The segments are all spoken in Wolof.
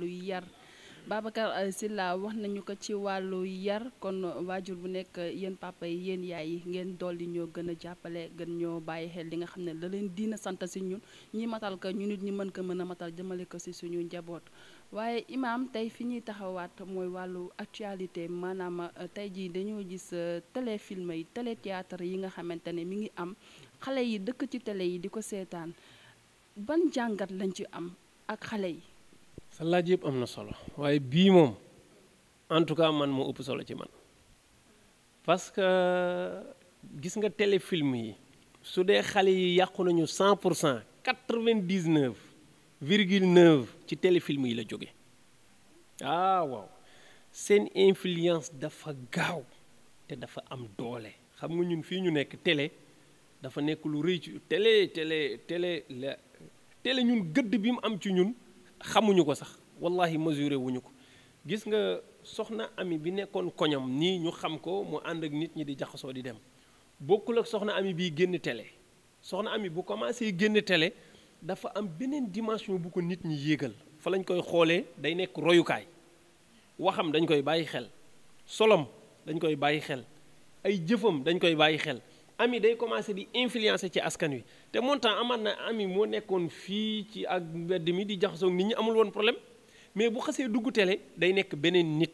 luy yar Babacar sillaa wax nañu ko ci wàllu yar kon waajur bu nekk yéen papa yi yéen yaay yi ngeen dolli ñoo gën a jàppale gën ñoo bàyyi xel li nga xam ne la leen diina sant si ñun ñi matal ko ñu nit ñi mën ko mën a matal jëmale ko si suñuy njaboot. waaye imaam tey fi ñuy taxawaat mooy wàllu actualité maanaam euh, tey jii dañoo gis euh, téléfilm yi téléthéâtre yi nga xamante ne mu ngi am xale yi dëkk ci tele yi di ko seetaan ban jàngat lañ ci am ak xale yi. sa laaj am na solo waaye bii moom en tout cas man moo ëpp solo ci man parce que gis nga téléfilm yi su dee xale yi yàqu nañu cent pour cent quatre-vingt-dix-neuf virgule neuf ci téléfilm yi la jóge ah waaw seen influence dafa gaaw te dafa am doole xam nga ñun fii ñu nekk télé dafa nekk lu rëy ci télé télé télé la télé ñun gëdd bi mu am ci ñun xamuñu ko sax wallahi mesuré wuñu ko gis nga soxna ami bi nekkoon koñam nii ñu xam ko mu ànd ak nit ñi di jaxasoo di dem bokkul ak soxna ami bii génn tele soxna ami bu commencé génn télé dafa am beneen dimension bu ko nit ñi yéegal fa lañ koy xoolee day nekk royukaay waxam dañ koy bàyyi xel solom dañ koy bàyyi xel ay jëfam dañ koy bàyyi xel ami day commencé di influencer ci askan wi te mon temps ami moo nekkoon fii ci ak mbedd mi di jaxasoog nit ñi amul woon problème mais bu xasee dugg télé day nekk beneen nit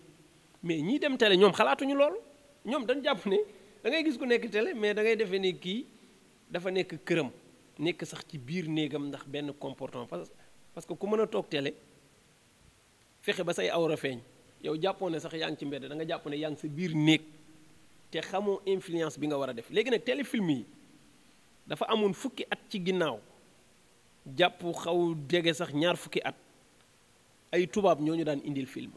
mais ñi dem télé ñoom xalaatuñu loolu ñoom dañ jàpp ne da ngay gis ku nekk télé mais da ngay defee kii dafa nekk këram nekk sax ci biir néegam ndax benn comportement parce que ku mën a télé fexe ba say awra feeñ yow jàppoon ne sax yaa ngi ci mbedd da nga jàpp ne yaa biir te xamoo influence bi nga war a def léegi nag téléfilm yi dafa amoon fukki at ci ginnaaw jàpp xaw jege sax ñaar fukki at ay tubaab ñoo ñu daan indil film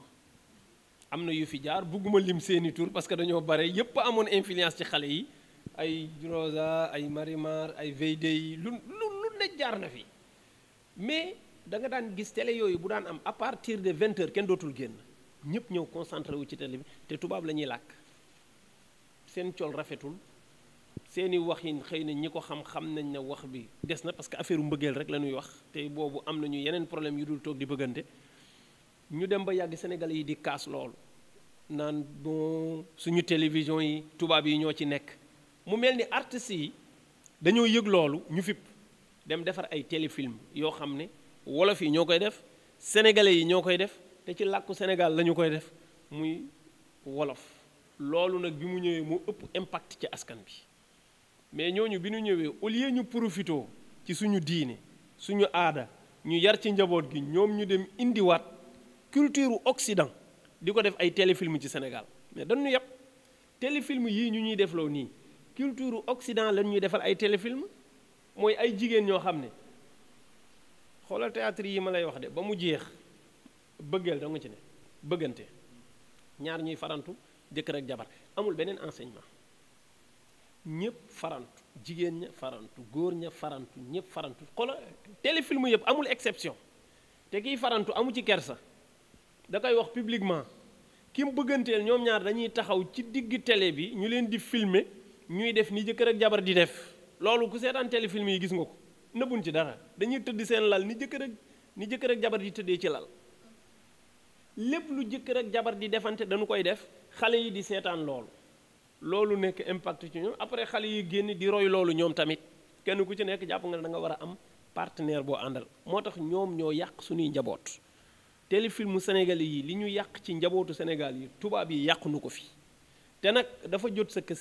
am na yu fi jaar bugguma lim seeni tur parce que dañoo bare yépp amoon influence ci xale yi ay Rosa ay Marimar ay Veydey lu lu lu ne jaar na fi mais da daan gis télé yooyu bu daan am à partir de vingt kenn dootul génn ñëpp ñëw concentré wu ci télé bi te tubaab la ñuy làkk seen col rafetul seeni waxin xëy nañ ñi ko xam xam nañ ne wax bi des na parce que affaire mbëggeel rek la ñuy wax te boobu am nañu yeneen problème yu dul toog di bëggante ñu dem ba yàgg Sénégalais yi di kaas loolu naan bon suñu télévision yi tubaab yi ñoo ci nekk mu mel ni artistes yi dañoo yëg loolu ñu fipp dem defar ay téléfilm yoo xam ne wolof yi ñoo koy def sénégalais yi ñoo koy def te ci làkku Sénégal lañu koy def muy wolof loolu nag bi mu ñëwee moo ëpp impact ci askan bi mais ñooñu bi ñu ñëwee au lieu ñu profité ci suñu diine suñu aada ñu yar ci njaboot gi ñoom ñu dem indiwaat culture oxident di ko def ay téléfilm ci Sénégal mais dañu yàpp téléfilm yii ñu ñuy defloo nii culture Occident lañ ñuy defal ay téléfilm mooy ay jigéen ñoo xam ne xoolal théâtre yi ma lay wax de ba mu jeex bëggeel da ci ne bëggante ñaar ñuy farantu jëkkër ak jabar amul beneen enseignement ñëpp farantu jigéen ña farantu góor ña farantu ñëpp farantu xolo téléfilm yëpp amul exception te kiy farantu amu ci kersa da koy wax publiquement ki mu bëgganteel ñoom ñaar dañuy taxaw ci digg télé bi ñu leen di filmer ñuy def ni jëkkër ak jabar di def loolu ku seetaan téléfilm yi gis nga ko nëbbuñ ci dara dañuy tëdd seen lal ni jëkkër ak ni jëkkër ak jabar di tëddee ci lal lépp lu jëkkër ak jabar di defante dañu koy def xale yi di seetaan loolu loolu nekk impact ci ñoom après xale yi génn di roy loolu ñoom tamit kenn ku ci nekk jàpp nga ne da nga war a am partenaire boo àndal moo tax ñoom ñoo yàq suñuy njaboot téléfilmu sénégalais yi li ñu yàq ci njabootu Sénégal yi tubaab yi yàq nu ko fi te nag dafa jot sa que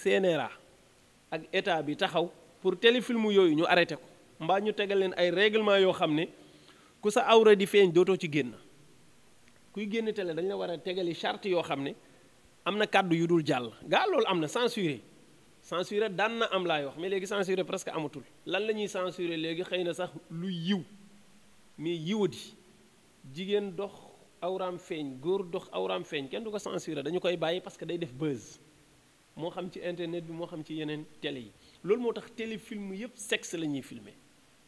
ak état bi taxaw pour téléfilmu yooyu ñu arrêté ko mbaa ñu tegal leen ay réglement yoo xam ne ku sa awra di feeñ dootoo ci génn kuy génn télé dañ la war a tegali charte yoo xam ne am na kàddu yu dul jàll gaa loolu am na censuré censuré daan na am laay wax mais léegi censuré presque amatul lan la ñuy censuré léegi xëy na sax lu yiw mais di jigéen dox awraam feeñ góor dox awraam feeñ kenn du ko censuré dañu koy bàyyi parce que day def buzz moo xam ci internet bi moo xam ci yeneen télé yi loolu moo tax téléfilm yépp sexe la ñuy filmer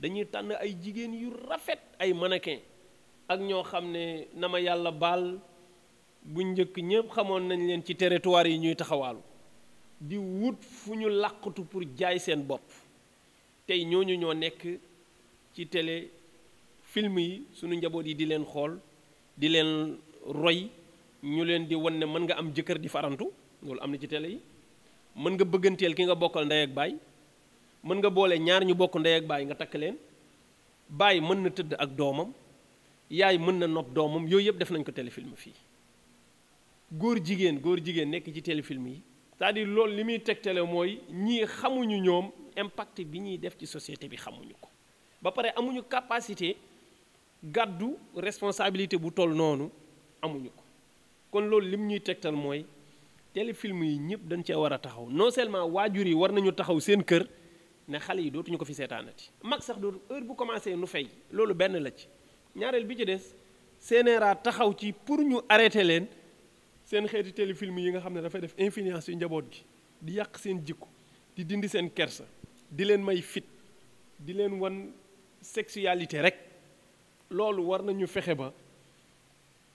dañuy tànn ay jigéen yu rafet ay mannequin ak ñoo xam ne na ma yàlla baal bu njëkk ñëpp xamoon nañ leen ci teritoire yi ñuy taxawaalu di wut fu ñu làqatu pour jaay seen bopp tey ñooñu ñoo nekk ci télé film yi sunu njaboot yi di leen xool di leen roy ñu leen di wan ne mën nga am jëkkër di farantu loolu am na ci télé yi mën nga bëgganteel ki nga bokkal ndey ak baay mën nga boole ñaar ñu bokk ndey ak baay nga takk leen baay mën na tëdd ak doomam yaay mën na nopp doomam yooyu yëpp def nañ ko téléfilm fii góor jigéen góor jigéen nekk ci téléfilm yi c'est-à-dire loolu li muy tegtale mooy ñii xamuñu ñoom impact bi ñuy def ci société bi xamuñu ko ba pare amuñu capacité gàddu responsabilité bu toll noonu amuñu ko kon loolu lim ñuy tegtal mooy téléfilm yi ñëpp dañ cee war a taxaw non seulement waajur yi war nañu taxaw seen kër ne xale yi dootuñu ko fi seetaanati mag sax dootu heure bu commencé nu fay loolu benn la ci ñaareel bi ci des CNRA taxaw ci pour ñu arrêté leen seen xeeti téléfilm yi nga xam ne dafay def influence yu njaboot gi di yàq seen jikko di dindi seen kersa di leen may fit di leen wan sexualité rek loolu war nañu fexe ba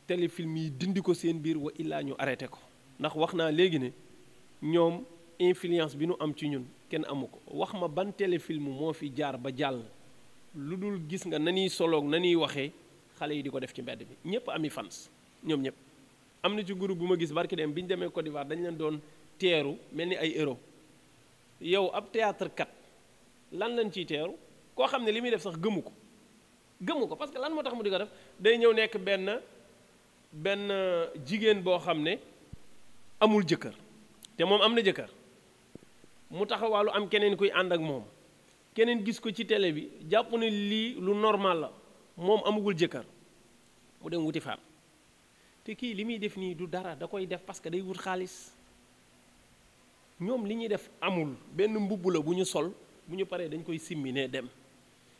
téléfilm yi dindi ko seen biir wa illaa ñu arrêté ko ndax wax naa léegi ne ñoom influence bi nu am ci ñun kenn amu ko wax ma ban téléfilm moo fi jaar ba jàll lu dul gis nga na ñuy soloog na ñuy waxee xale yi di ko def ci mbedd bi ñëpp ami fans ñoom ñëpp am na ci groupe bu ma gis barki dem bi ñu demee Côte d'Ivoire dañ leen doon teeru mel ni ay héros yow ab théâtre kat lan lañ ciy teeru koo xam ne li muy def sax gëmu ko gëmu ko parce que lan moo tax mu di ko def day ñëw nekk benn benn jigéen boo xam ne amul jëkkër te moom am na jëkkër mu taxawaalu am keneen kuy ànd ak moom keneen gis ko ci télé bi jàpp ne lii lu normal la moom amagul jëkkër mu dem wuti faam te kii li muy def nii du dara da koy def parce que day wut xaalis ñoom li ñuy def amul benn mbubb la bu ñu sol bu ñu paree dañ koy simmi ne dem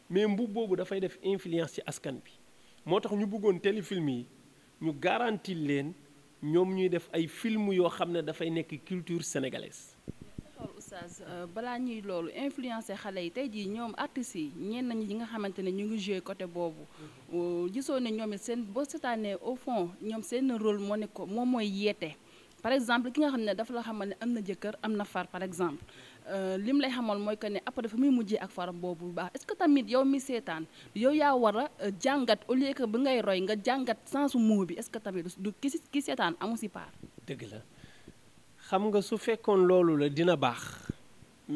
mais mbubb boobu dafay def influence ci askan bi moo tax ñu bëggoon téléfilm yi ñu garanti leen ñoom ñuy def ay film yoo xam ne dafay nekk culture sénégalaise oustaz euh, bala ñuy loolu influencer xalé yi tay artistes ñi nga côté mm-hmm. euh, par exemple ki nga dafa la xamal am des par exemple euh, lim lay que après muy ak faram bobu est-ce que tamit yow mi yow a au lieu que bu ngay roy nga jangat est-ce que tamit du xam nga su fekkoon loolu la dina baax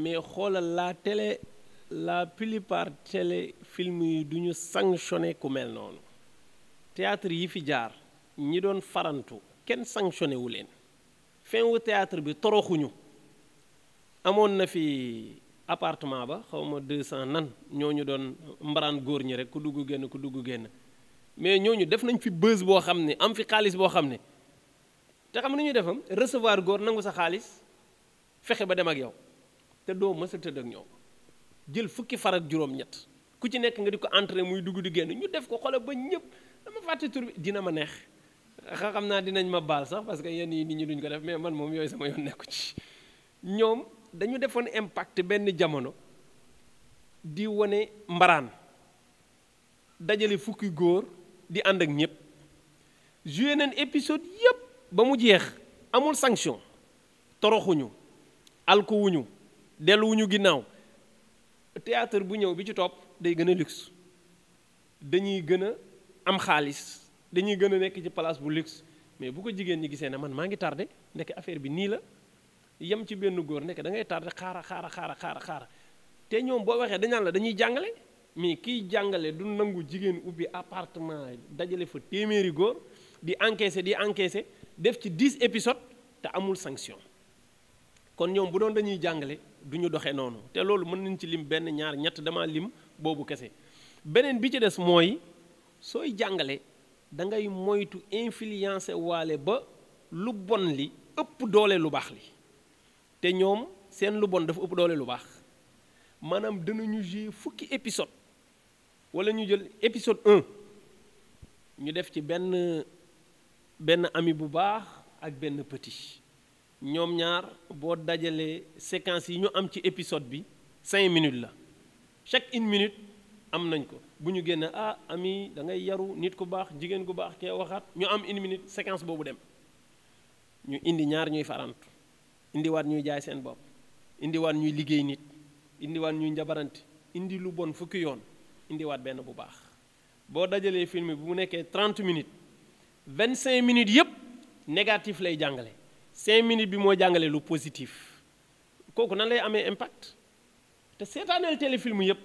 mais xoolal la télé la plupart télé film yi du sanctionné ku mel noonu théâtre yi fi jaar ñi doon farantu kenn sanctionné wu leen fin wu théâtre bi toroxuñu amoon na fi appartement ba xawma 200 nan ñooñu doon mbaraan góor ñi rek ku dugg génn ku dugg génn mais ñooñu def nañ fi bës boo xam ne am fi xaalis boo xam ne te xam nañu defam recevoir góor nangu sa xaalis fexé ba dem ak yow te do ma a tëdd ak ñoo jël fukki far ak juroom ñet ku ci nekk nga diko entrer muy dugg di génn ñu def ko xoola ba ñepp dama fatte tour bi dina ma neex xam dinañ ma bal sax parce que yeen yi nit ñi duñ ko def mais man mom yoy sama yoon neeku ci ñoom dañu defoon impact benn jamono di wone mbaraan dajale fukki góor di ànd ak ñëpp joué nañ épisode yépp ba mu jeex amul sanction toroxuñu alkuwuñu delluwuñu ginnaaw théâtre bu ñëw bi ci topp day gën a luxe dañuy gën a am xaalis dañuy gën a nekk ci place bu luxe mais bu ko jigéen ñi gisee ne man maa ngi tardé ndekk affaire bi nii la yem ci benn góor nekk da ngay tardé xaara xaara xaara xaara xaara te ñoom boo waxee dañaan la dañuy jàngale mais jàngale du nangu jigéen ubbi appartement dajale fa téeméeri góor di encaissé di encaissé def ci 10 épisodes te amul sanction kon ñom bu doon dañuy jàngale du doxé nonu té te loolu mën nañ ci lim benn ñaar ñett dama lim bobu kessé benen bi ci des moy soy jàngale da ngay moytu influence walé ba lu bon li ëpp doolé lu li te ñom seen lu bon dafa ëpp doolé lu épisode wala ñu ñu def ci ben ami bu baax ak petit ñom ñaar bo séquence yi ñu am ci épisode bi cinq minutes la chaque une minute am nañ ko ah, ami da yaru nit ku baax baax am une minute séquence bobu dem ñu indi ñaar ñuy farantu waat ñuy jaay seen indi ñuy liggéey nit ñuy njabarante indi lu bon fukki yoon waat ben bu baax film bi bu 30 minutes 25 minutes yëpp négatif lay jàngale 5 minutes bi moo jàngale lu positif kooku nan lay amee impact te seetaaneel téléfilm yëpp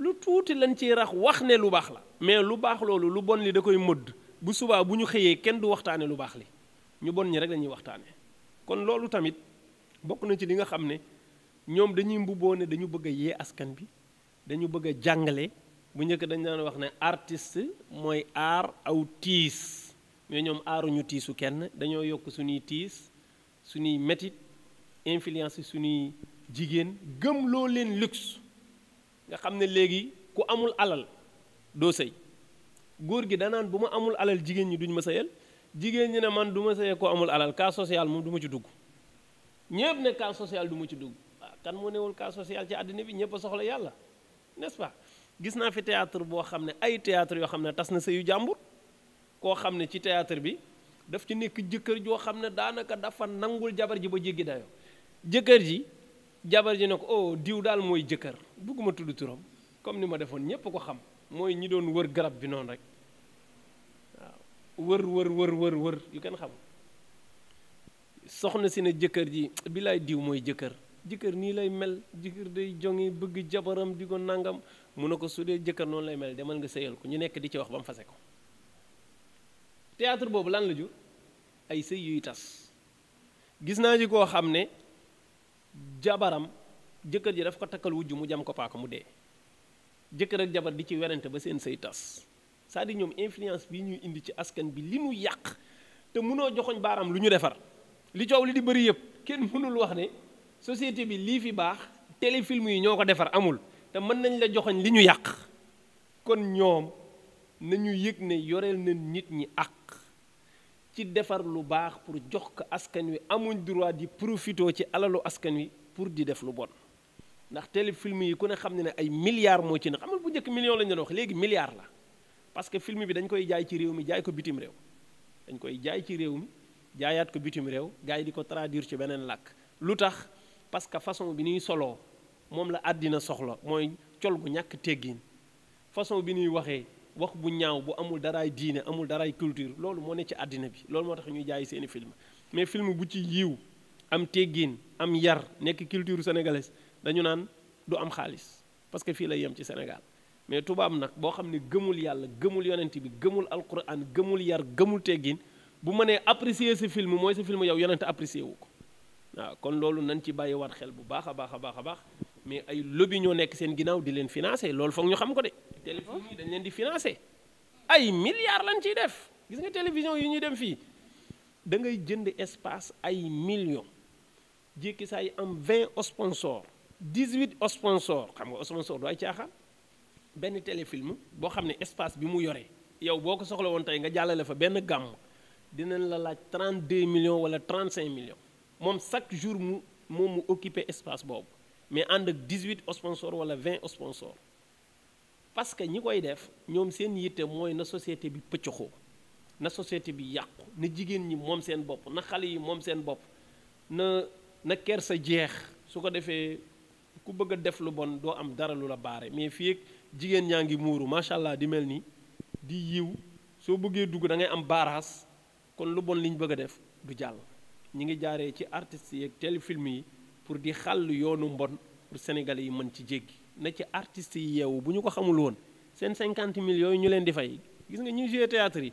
lu tuuti lañ ciy rax wax ne lu baax la mais lu baax loolu lu bon li da koy mëdd bu subaa bu ñu xëyee kenn du waxtaane lu baax li ñu bon ñi rek lañuy waxtaane kon loolu tamit bokk na ci li nga xam ne ñoom dañuy mbubboo ne dañu bëgg a yee askan bi dañu bëgg a jàngale bu njëkk dañ daan wax ne artiste mooy aar aw tiis mais ñoom aaruñu tiisu kenn dañoo yokk suñuy tis suñuy metit influence suñuy jigen gem lo leen luxe nga xamne legi ku amul alal dosai, sey gi danaan buma amul alal jigen ñi duñ ma sëyal jigen ñi ne man duma ko amul alal ka social mu duma ci dugg ñepp ne ka social duma ci dugg ah, kan mo neewul ka social ci adina bi ñepp soxla yalla n'est-ce pas gis na fi théâtre bo xamne ay théâtre yo xamne tas na koo xam ne ci théâtre bi daf ci nekk jëkkër joo xam ne daanaka dafa nangul jabar ji ba jéggi dayo jëkkër ji jabar ji ne ko oh diw daal mooy jëkkër bugguma tudd turam comme ni ma defoon ñépp ko xam mooy ñi doon wër garab bi noonu rek waaw wër wër wër wër yu kenn xam soxna si ne jëkkër ji bilaay diw mooy jëkkër jëkkër nii lay mel jëkkër day jonge bëgg jabaram di ko nangam mu ne ko su dee jëkkër noonu lay mel demal nga sëyal ko ñu nekk di ci wax ba mu ko théâtre boobu lan la jur ay sëy yuy tas gis naa ji koo xam ne jabaram jëkkër ji daf ko takkal wujj mu jam ko paaka mu dee jëkkër ak jabar di ci werante ba seen sëy tas cest di ñoom influence bi ñuy indi ci askan bi li mu yàq te mënoo joxoñ baaram lu ñu defar li coow li di bëri yëpp kenn mënul wax ne société bi lii fi baax téléfilm yi ñoo ko defar amul te mën nañ la joxoñ li ñu yàq kon ñoom nañu yëg ne yoreel na nit ñi ak ci defar lu baax pour jox ko askan wi amuñ droit di profitoo ci alalu askan wi pour di def lu bon ndax téléfilm yi ku ne xam ne ne ay milliards moo ci ne xam bu njëkk million lañu doon wax léegi milliards la parce que film bi dañ koy jaay ci réew mi jaay ko bitim réew dañ koy jaay ci réew mi jaayaat ko bitim réew gars yi di ko traduire ci beneen làkk lu tax parce que façon bi ñuy soloo moom la àddina soxla mooy col gu ñàkk teggin façon bi nuy waxee wax bu ñaaw bu amul daraay diine amul daray culture loolu moo ne ci àddina bi loolu moo tax ñuy jaay seeni film mais film bu ci yiw am teggiin am yar nekk culture sénégalaise dañu naan du am xaalis parce que fii lay yem ci Sénégal mais tubaab nag boo xam ne gëmul yàlla gëmul yonent bi gëmul alquran gëmul yar gëmul teggiin bu mënee apprécier sa film mooy sa film yow yonent apprécier wu ko waaw kon loolu nañ ci bàyyi waat xel bu baax a baax a baax a baax mais ay lobby ñoo nekk seen ginnaaw di leen financer loolu foog ñu xam ko de télévision yi dañ leen di milliards lañ ciy def gis nga télévision yi ñuy dem fii da ngay espace millions jékki saa am 20 sponsors 18 sponsors xam nga sponsor du ay caaxaan benn téléfilm boo xam espace bi mu yore yow boo ko soxla woon nga fa la 32 millions wala 35 millions moom chaque jour mu moom mu espace mais ànd 18 sponsors wala 20 sponsors, parce que ñi koy def ñom seen yité moy na société bi pëccoxoo na société bi yaq na jigen ñi mom seen bop na xali yi mom seen bop na na kersa sa jeex su ko defee ku bëgg def lu bon do am dara lu la baare mais fi ak jigéen ñaa ngi muuru di melni, di yiw so bëggee dugg da ngay am baaraas kon lu bon li ñu bëgg def du jall ñi ngi jaaree ci artistes yi ak téléfilm yi pour di xàll yoonu mbon pour sénégalais yi man ci jéggi na ci artistes yi yeewu bu ñu ko xamul woon seen cinquante mille yooyu ñu leen di fay gis nga ñuy joué théâtre yi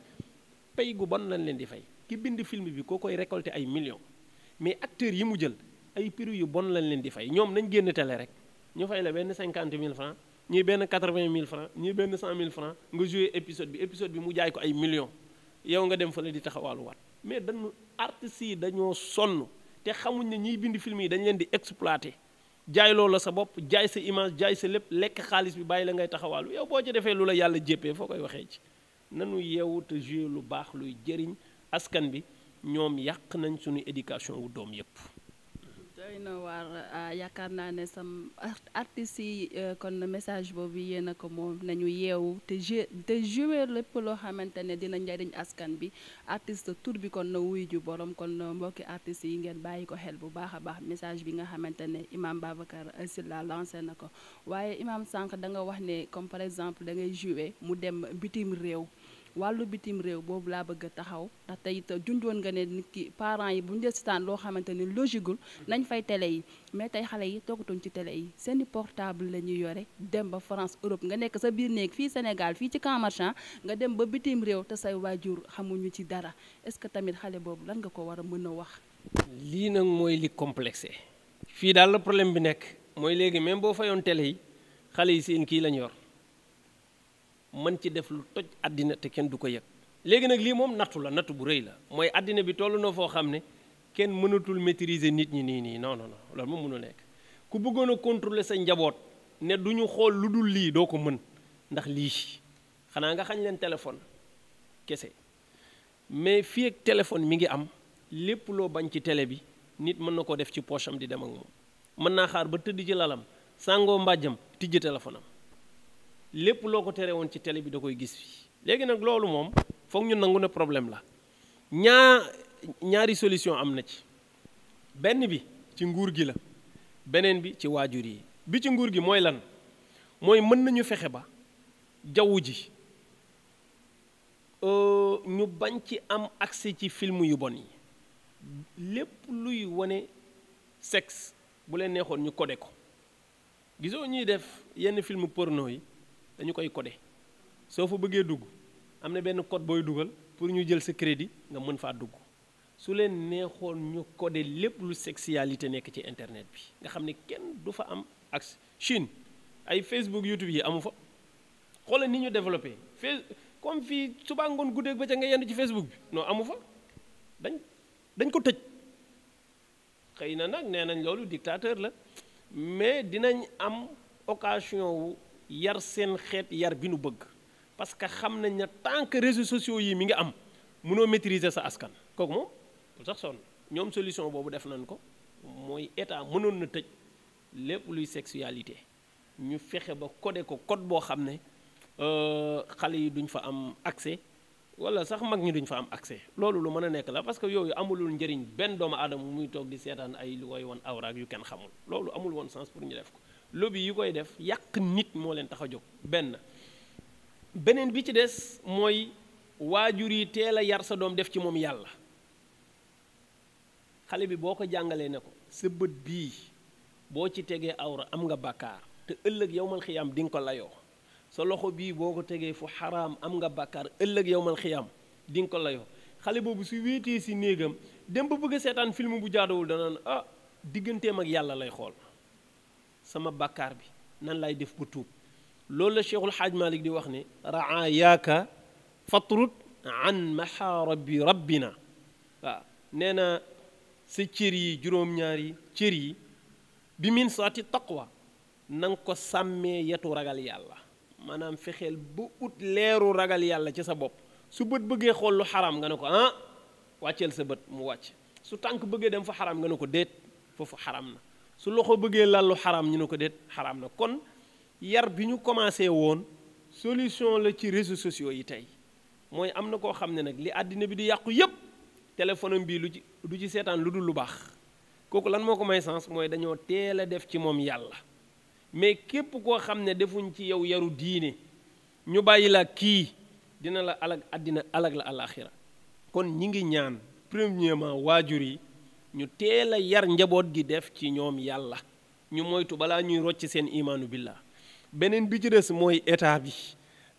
pay gu bon lañ leen di fay ki bind film bi koo koy récolté ay millions mais acteurs yi mu jël ay prix yu bon lañ leen di fay ñoom nañ génn tele rek ñu fay la benn cinquante mille francs ñii benn quatre vingt mille francs ñii benn cent mille francs nga joué épisode bi épisode bi mu jaay ko ay millions yow nga dem fële di taxawaaluwaat mais dañu artistes yi dañoo sonn te xamuñ ne ñiy bind film yi dañ leen di exploité jaay loo la sa bopp jaay sa image jaay sa lépp lekk xaalis bi bàyyi la ngay taxawaalu yow boo ci defee lu la yàlla jéppee foo koy waxee ci nanu yeewu te joué lu baax luy jariñ askan bi ñoom yàq nañ suñu éducation wu doom yépp doy na waar ah, yaakaar naa ne sam artistes yi euh, kon message boobu yéen a ko moom nañu yeewu te joué te joué lépp loo xamante ne dina njariñ askan bi artiste tur bi kon na wuy ju borom kon euh, mbokki artistes yi ngeen bàyyi ko xel bu baax a baax message bi nga xamante ne imam Babacar Sylla lancé na ko waaye imam sànq da nga wax ne comme par exemple da ngay joué mu dem bitim réew wàllu bitim réew boobu laa bëgg a taxaw ndax tey it junjoon nga ne nit parent yi bu ñu desitaan loo xamante ni logigul nañ fay télé yi mais tey xale yi toogatuñ ci télé yi seeni portable la ñuy yore dem ba France Europe nga nekk sa biir néeg fii Sénégal fii ci camp nga dem ba bitim réew te sa waajur xamuñu ci dara est-ce que tamit xale boobu lan nga ko war a mën a wax. lii nag mooy li complexe. fii daal la problème bi nekk mooy léegi même boo fayoon télé yi xale yi seen kii lañ yor. mën ci def lu toj àddina te kenn du ko yëg léegi nag lii moom nattu la nattu bu rëy la mooy àddina bi toll na foo xam ne kenn mënatul maîtriser nit ñi nii nii non non non loolu moom mënu nekk ku bëggoon a contrôler sa njaboot ne du ñu xool lu dul lii doo ko mën ndax lii xanaa nga xañ leen téléphone kese mais fii ak téléphone mi ngi am lépp loo bañ ci télé bi nit mën na ko def ci poche di dem moom mën naa xaar ba tëdd ci lalam sàngoo mbàjjam tijji téléphone lépp loo ko tere woon ci télé bi da koy gis fi léegi nag loolu moom foog ñu nangu ne problème la ñaa ñaari solution am na ci benn bi ci nguur gi la beneen bi ci waajur yi bi ci nguur gi mooy lan mooy mën nañu fexe ba jaww ji euh, ñu bañ ci am agsi ci film yu bon yi lépp luy wane sex bu leen neexoon ñu codé ko gisoo ñuy def yenn film porno yi dañu koy codé soo fa bëggee dugg am na benn code booy dugal pour ñu jël sa crédit nga mën faa dugg su leen neexoon ñu codé lépp lu sexualité nekk ci internet bi nga xam ne kenn du fa am ak Chine ay Facebook YouTube yi amu fa xoolal ni ñu développé comme fii suba ngoon guddeeg ba ca nga yendu ci Facebook bi non amu fa dañ dañ ko tëj xëy na nag nee nañ loolu dictateur la mais dinañ am occasion wu yar seen xeet yar bi nu bëgg parce que xam nañ ne tant que réseaux sociaux yi mi ngi am mënoo maîtriser sa askan kooku moom lu sax sonn ñoom solution boobu def nañ ko mooy état mënoon na tëj lépp luy sexualité ñu fexe ba codé ko code boo xam ne euh, xale yi duñ fa am accès wala sax mag ñi duñ fa am accès loolu lu mën a nekk la parce que yooyu amulul njëriñ benn doomu aadama muy toog di seetaan ay lu koy wan awraak yu kenn xamul loolu amul woon sens pour ñu def ko lobby yi koy def yàq nit moo leen tax a jóg benn beneen bi ci des mooy waajur yi teel a yar sa doom def ci moom yàlla xale bi boo ko jàngalee ne ko sa bët bii boo ci tegee awra am nga bàkkaar te ëllëg yowmal xiyaam di nga ko layoo sa loxo bii boo ko tegee fu xaraam am nga bàkkaar ëllëg yowmal xiyaam di nga ko layoo xale boobu su wéetee si néegam dem ba bëgg a seetaan film bu jaaduwul danaan ah digganteem ak yàlla lay xool sama bakar bi nan lay def ba tuub loolu la cheikhul xaaj malik di wax ne raa yaaka fatrut an maxaarabi rabbina waaw nee na sa cër yi juróom-ñaari cër yi bi min sati taqwa na ko sàmmee yetu ragal yàlla maanaam fexeel ba ut leeru ragal yàlla ci sa bopp su bët bëggee xool lu xaraam nga ne ko ah wàcceel sa bët mu wàcc su tànk bëggee dem fa xaraam nga ne ko déet foofu xaraam na su loxo bëggee lallu xaraam ñu ne ko déet xaraam na kon yar bi ñu commencé woon solution la ci réseau sociaux yi tey mooy am na koo xam ne nag li àddina bi di yàqu yépp téléphone bii lu ci ci seetaan lu dul lu baax kooku lan moo ko may sens mooy dañoo teel a def ci moom yàlla mais képp koo xam ne defuñ ci yow yaru diine ñu bàyyi la kii dina la alag àddina alag la alaxira kon ñi ngi ñaan premièrement waajur yi ñu teel a yar njaboot gi def ci ñoom yàlla ñu moytu balaa ñuy rocc seen imaanu billah beneen bi ci des mooy état bi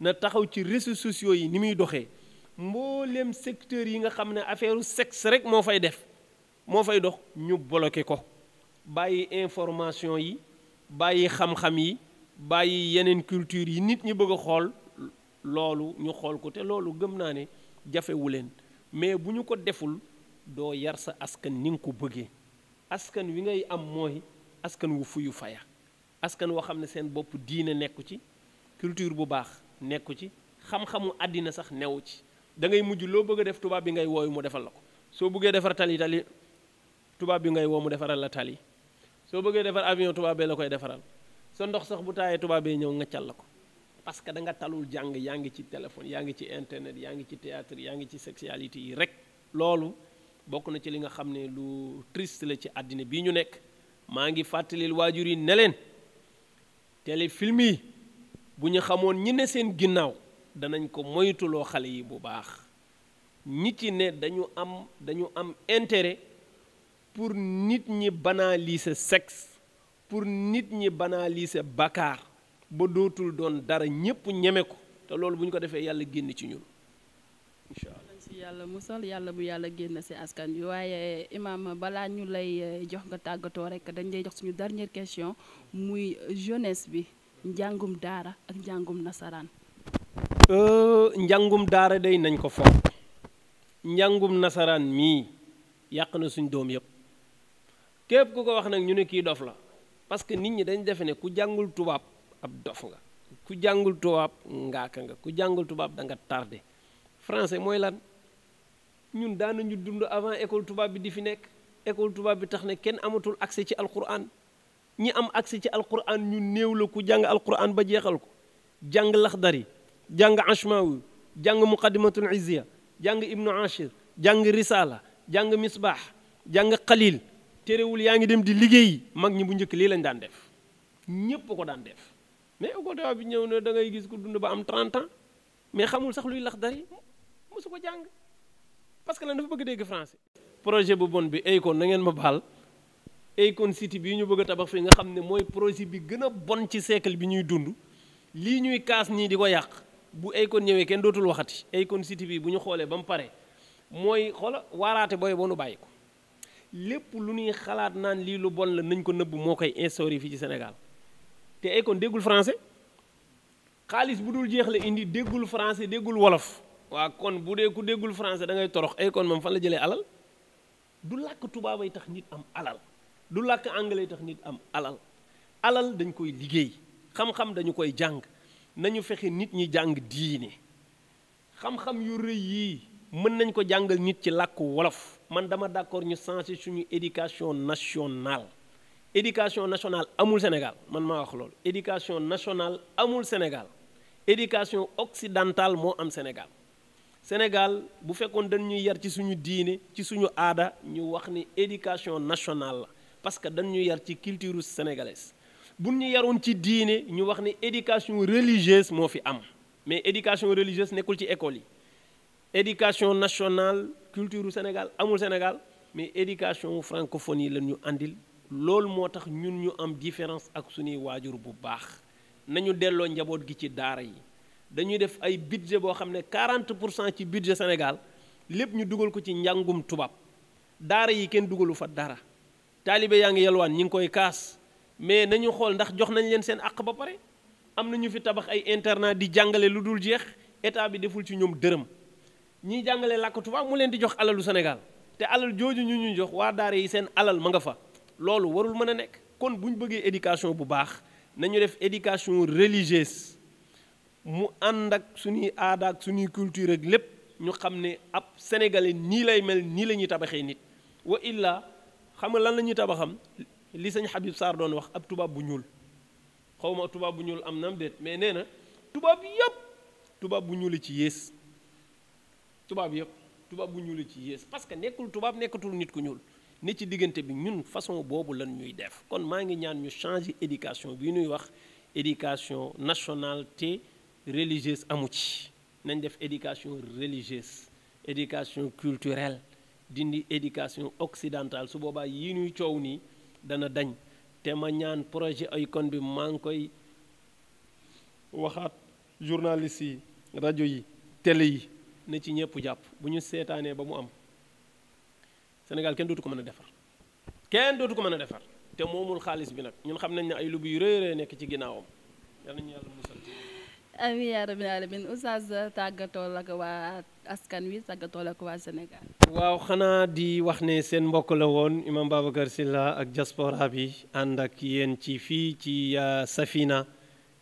na taxaw ci réseaux sociaux yi ni muy doxee mboolem secteur yi nga xam ne affaire sexe rek moo fay def moo fay dox ñu bloqué ko bàyyi information yi bàyyi xam-xam yi bàyyi yeneen culture yi nit ñi bëgg xool loolu ñu xool ko te loolu gëm naa ne jafewu leen mais bu ñu ko deful doo yar sa askan ni nga ko bëggee askan wi ngay am mooy askan wu fuyu faya askan woo xam ne seen bopp diine nekku ci culture bu baax nekku ci xam-xamu àddina sax newu ci da ngay mujj loo bëgg a def tubaab bi ngay wooyu mu defal la ko soo bëggee defar tubaab bi ngay woo mu defaral la tali soo bëggee defar avion tubaab bee la koy defaral sa ndox sax bu taayee tubaab bee ñëw ngaccal la ko parce que da talul jàng yaa ngi ci téléphone yaa ngi ci internet yaa ngi ci théâtre yaa ngi ci sexualité yi rek loolu bokk na ci li nga xam ne lu triste la ci àddina bi ñu nekk maa ngi fàttalil waajur yi ne leen téléfilm yi bu ñu xamoon ñi ne seen ginnaaw danañ ko moytuloo xale yi bu baax ñi ci ne dañu am dañu am intérêt pour nit ñi banaliser sexe pour nit ñi banaliser bakaar ba dootul doon dara ñépp ñeme ko te loolu bu ñu ko defee yàlla génn ci ñun yàlla musal yàlla bu yàlla génn si askan bi waaye imaam balaa ñu lay eh, jox nga tàggatoo rek dañ lay jox suñu dernière question muy jeunesse bi njàngum daara ak njàngum nasaraan. Euh, njàngum daara day nañ ko njàngum nasaraan mii yàq na suñ doom yëpp képp ku ko wax nag ñu ne kii dof la parce que nit ñi dañ defe ne ku jàngul tubaab ab dof nga ku jàngul tubaab ngaaka nga ku jàngul tubaab danga nga français mooy lan ñun daanañu dund avant école tubaab bi di fi nekk école tubaab bi tax ne kenn amatul accès ci alquran ñi am accès ci alquran ñu néew la ku jàng alquran ba jeexal ko jàng laxdari jàng ashmawi jàng muqaddimatul izziya jàng ibnu ashir jàng risala jàng misbaax jàng xaliil terewul yaa ngi dem di liggéeyi mag ñi bu njëkk lii lañ daan def ñépp ko daan def mais école tubaab bi ñëw ne da ngay gis ko dund ba am 30 ans mais xamul sax luy laxdari mosu parce que lan dafa bëgg dégg français. projet bu bon bi Akon na ngeen ma baal Akon City bii ñu bëgg a tabax fii nga xam ne mooy projet bi gën a bon ci siècle bi ñuy dund lii ñuy kaas nii di ko yàq bu Akon ñëwee kenn dootul waxati Akon City bii bu ñu xoolee ba pare mooy xoola waaraate booy boo nu bàyyi ko lépp lu ñuy xalaat naan lii lu bon la nañ ko nëbb moo koy instauré fii ci senegal te Akon déggul français xaalis bu dul jeex la indi déggul français déggul wolof. wa kon bu ku dégul français da ngay torox ay eh, kon mom fan la jëlé alal du tuba bay tax nit am alal du lak anglais tax nit am alal alal dañ koy liggéey xam-xam dañ koy jang. nañu fexé nit ñi jang diiné xam-xam yu reuy yi mën nañ ko jangal nit ci lak wolof man dama d'accord ñu sensé suñu éducation nationale éducation nationale amul Sénégal man ma wax lool éducation nationale amul Sénégal éducation occidentale mo am Sénégal Sénégal bu fekkoon dañ ñuy yar ci suñu diiné, ci suñu aada ñu wax ni éducation nationale la parce que dañ ñu yar ci culture sénégalaise bu ñu yaroon ci diiné, ñu wax ni éducation religieuse moo fi am mais éducation religieuse nekkul ci école yi éducation nationale culture Sénégal amul Sénégal mais éducation francophone la ñu andil Lool motax ñun ñu am différence ak suñu wajur bu baax nañu delloo njabot gi ci daara yi dañuy def ay budget boo xam ne 40 pour cent ci budget Sénégal lépp ñu dugal ko ci njàngum tubaab daara yi kenn dugalu fa dara taalibe yaa ngi yalwaan ñi ngi koy kaas mais nañu xool ndax jox nañ leen seen àq ba pare am na ñu fi tabax ay internat di jàngale lu dul jeex état bi deful ci ñoom dërëm ñiy jàngale làkk tubaab mu leen di jox alalu Sénégal te alal jooju ñu ñuy jox waa daara yi seen alal ma nga fa loolu warul mën a nekk kon bu ñu bëggee éducation bu baax nañu def éducation religieuse mu ànd ak suñuy aada ak suñuy culture ak lépp ñu xam ne ab sénégalais nii lay mel nii la ñuy tabaxee nit wa illaa xam nga lan la ñuy tabaxam li sëñ Habib Sarr doon wax ab tubaab bu ñuul xawma tubaab bu ñuul am na déet mais nee na tubaab yëpp tubaab bu ñuul ci yées tubaab yëpp tubaab bu ñuul ci yées parce que nekkul tubaab nekkatul nit ku ñuul nit ci diggante bi ñun façon boobu lan ñuy def kon maa ngi ñaan ñu changer éducation bi ñuy wax éducation nationale te religieuse amu ci nañ def éducation religieuse éducation culturelle dindi éducation occidentale su boobaa yi ñuy coow nii dana dañ te ma ñaan projet Akon bi maa ngi koy waxaat journaliste yi rajo yi télé yi na ci ñëpp jàpp bu ñu seetaanee ba mu am Sénégal kenn dootu ko mën a defar kenn dootu ko mën a defar te moomul xaalis bi nag ñun xam nañ ne ay lu buy rëy rëy nekk ci ginnaawam yal nañu yàlla musal amiin yaa rabbil alamin tàggatoo la waa askan wi tàggatoo la ko waa waaw xanaa di wax ne seen mbokk la woon imam Babacar Sylla ak diaspora bi ànd ak yéen ci fii ci euh, Safina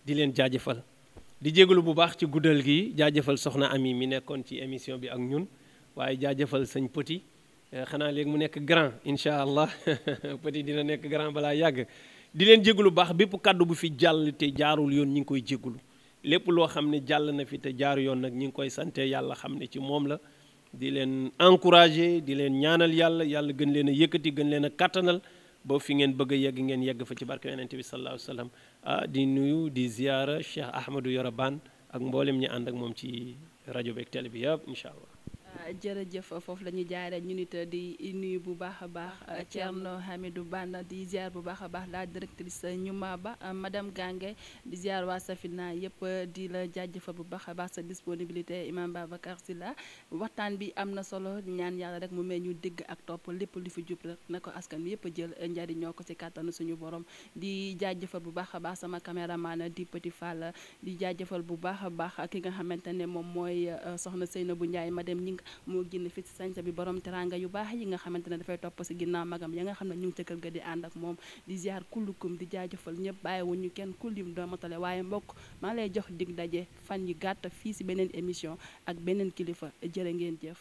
di leen jaajëfal. di jégalu bu baax ci guddal gi jaajëfal soxna yi mi nekkoon ci émission bi ak ñun waaye jaajëfal sëñ Petit euh, xanaa léegi mu nekk grand incha allah Petit dina nekk grand balaa yàgg di leen jégalu baax bépp kàddu bu fi jàll te jaarul yoon ñu ngi koy jégalu. lépp loo xam ne jàll na fi te jaar yoon nag ñi ngi koy sante yàlla xam ne ci moom la di leen encourager di leen ñaanal yàlla yàlla gën leen a yëkkati gën leen a kattanal ba fi ngeen bëgg a yegg ngeen yegg fa ci barke yonent bi sallallahu alayhi ah di nuyu di ziyaara Cheikh Ahmadou Yoro Bane ak mboolem ñi ànd ak moom ci rajo beeg télé bi yëpp incha allah. jërëjëf foofu la ñuy jaaree ñu nit di nuyu bu baax a baax ah, Thierno Hamidou Bane di ziar bu baax a baax la directrice Ñuma Ba madame Gange di ziar waa Safina yëpp di la jaajëfal bu baax a baax sa disponibilité imam Babacar Sylla waxtaan bi am na solo ñaan yàlla rek mu may ñu dégg ak topp lépp lu fi jub na ko askan yëpp jël njariñoo ko ci kàttanu suñu borom di jaajëfal bu baax a baax sama caméraman di Petit Fall di jaajëfal bu baax a baax ki nga xamante ne moom mooy euh, soxna Seynabou Ndiaye madame ñi moo génn fit ci sañsa bi borom teranga yu baax yi nga xamante ne dafay topp ci ginnaaw magam ya nga xam ne ñu ngi ca kër ga di ànd ak moom di ziar kullukum di jaajëfal ñëpp bàyyiwuñu kenn kullim doomatale waaye mbokk maa lay jox dig daje fan yi gàtt fii ci beneen émission ak beneen kilifa jëre ngeen jëf